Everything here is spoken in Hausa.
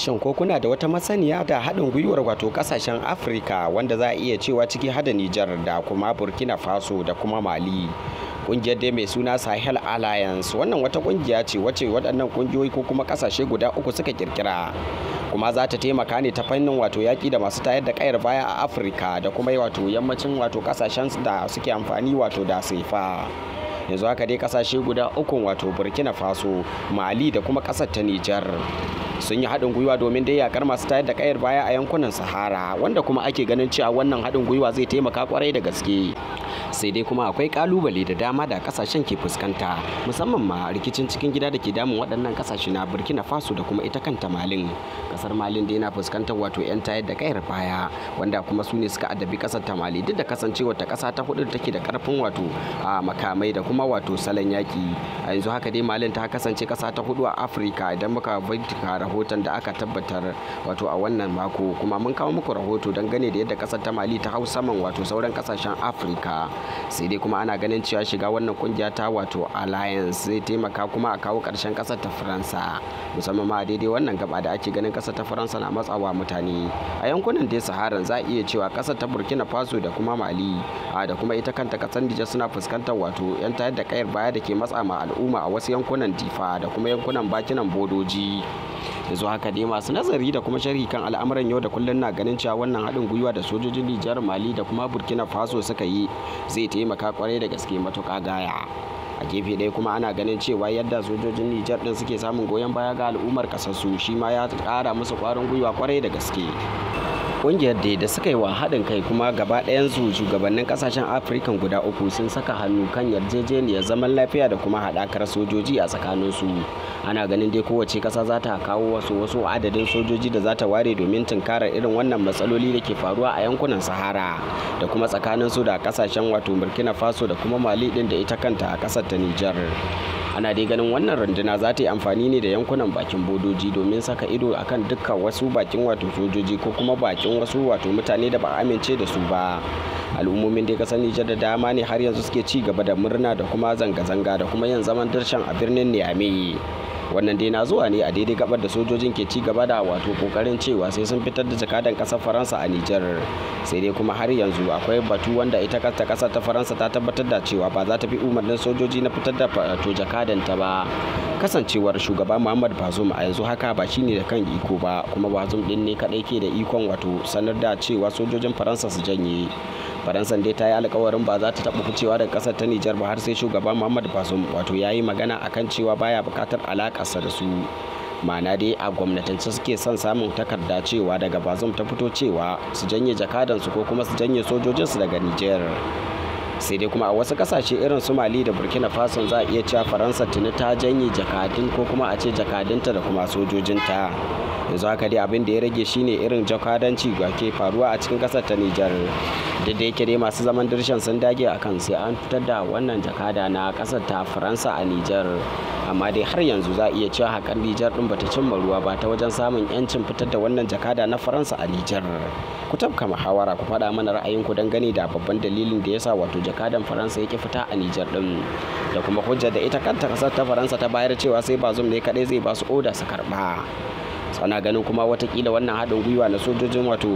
shin ko kuna da wata masaniya da haɗin gwiwar wato ƙasashen afirka wanda za a iya cewa ciki hada nijar da kuma burkina faso da kuma mali kungiyar dai mai suna sahel alliance wannan wata kungiya ce wacce waɗannan kungiyoyi ko kuma ƙasashe guda uku suka kirkira kuma za ta taimaka ne ta fannin wato yaƙi da masu tayar da ƙayar baya a afirka da kuma wato yammacin wato ƙasashen da suke amfani wato da saifa yanzu haka dai kasashe guda uku wato burkina faso mali da kuma kasar ta nijar sun yi haɗin gwiwa domin dai yakar masu tayar da kayar baya a yankunan sahara wanda kuma ake ganin cewa wannan haɗin gwiwa zai taimaka kwarai da gaske sai dai kuma akwai kalubale da dama da kasashen ke fuskanta musamman ma rikicin cikin gida da ke damun waɗannan kasashe na burkina faso da kuma ita kanta malin kasar malin da yana fuskantar wato 'yan tayar da kayar baya wanda kuma su ne suka adabi kasar ta mali duk da kasancewar ta kasa ta hudu take da karfin wato a makamai da kuma wato salon yaki a yanzu haka dai malin ta kasance kasa ta hudu a afirka idan muka bincika rahoton da aka tabbatar wato a wannan mako kuma mun kawo muku rahoto don gane da yadda kasar ta mali ta hau saman wato sauran kasashen afirka sai dai kuma ana ganin cewa shiga wannan kungiya ta wato alliance zai taimaka kuma a kawo karshen kasar ta faransa musamman ma daidai wannan gaba da ake ganin kasar ta faransa na matsawa mutane a yankunan dai saharan za a iya cewa kasar ta burkina faso da kuma mali a da kuma ita kanta kasar nijar suna fuskantar wato yan tayar da kayar baya da ke matsa ma al'umma a wasu yankunan difa da kuma yankunan bakinan bodoji yanzu haka dai masu nazari da kuma sharhi kan al'amuran yau da kullum na ganin cewa wannan haɗin gwiwa da sojojin nijar mali da kuma burkina faso suka yi zai taimaka kwarai da gaske matuƙa gaya a gefe ɗaya kuma ana ganin cewa yadda sojojin nijar ɗin suke samun goyon baya ga al'ummar ƙasarsu shi ma ya ƙara musu ƙwarin gwiwa kwarai da gaske kungiyar da da suka yi wa haɗin kai kuma gaba ɗayan su shugabannin kasashen afirka guda uku sun saka hannu kan yarjejeniyar zaman lafiya da kuma haɗakar sojoji a tsakanin su ana ganin dai kowace ƙasa za ta kawo wasu wasu adadin sojoji da za ta ware domin tunkarar irin wannan matsaloli da ke faruwa a yankunan sahara da kuma tsakanin su da kasashen wato burkina faso da kuma mali ɗin da ita kanta a ƙasar ta nijar ana dai ganin wannan runduna za ta yi amfani ne da yankunan bakin bodoji domin saka ido akan dukkan wasu bakin wato sojoji ko kuma bakin wasu wato mutane da ba amince da su ba al'ummomin dai kasar nijar da dama ne har yanzu suke ci gaba da murna da kuma zanga-zanga da kuma yin zaman darshan a birnin niamey wannan dai na zuwa ne a daidai gabar da sojojin ke ci gaba da wato kokarin cewa sai sun fitar da jakadan kasar faransa a nijar sai dai kuma har yanzu akwai batu wanda ita kasta kasa ta faransa ta tabbatar da cewa ba za ta fi umarnin sojoji na fitar da to jakadan ta ba kasancewar shugaba muhammad bazum a yanzu haka ba shine da kan iko ba kuma bazum din ne kadai ke da ikon wato sanar da cewa sojojin faransa su janye faransa dai ta yi alkawarin ba za ta taɓa ficewa daga ƙasar ta nijar ba har sai shugaban muhammad basum wato ya yi magana a kan cewa baya buƙatar alaƙarsa da su ma'ana dai a gwamnatance suke son samun takarda cewa daga bazum ta fito cewa su janye jakadansu ko kuma su janye sojojinsu daga nijar sai dai kuma a wasu kasashe irin su mali da burkina faso za a iya cewa faransa tuni ta janye jakadun ko kuma a ce jakadunta da kuma sojojinta yanzu haka dai abin da ya rage shine irin jakadanci ga ke faruwa a cikin kasar ta nijar duk da yake dai masu zaman dirshan sun dage a kan sai an fitar da wannan jakada na kasar ta faransa a nijar amma dai har yanzu za a iya cewa hakan nijar din bata cimma ruwa ba ta wajen samun yancin fitar da wannan jakada na faransa a nijar ku tabka muhawara ku faɗa mana ra'ayinku dangane da babban dalilin da yasa wato jakadan faransa yake fita a nijar din da kuma hujjar da ita kanta kasar ta faransa ta bayar cewa sai ba bazum ne kadai zai ba su oda su karba sana ganin kuma watakila wannan haɗin gwiwa na sojojin wato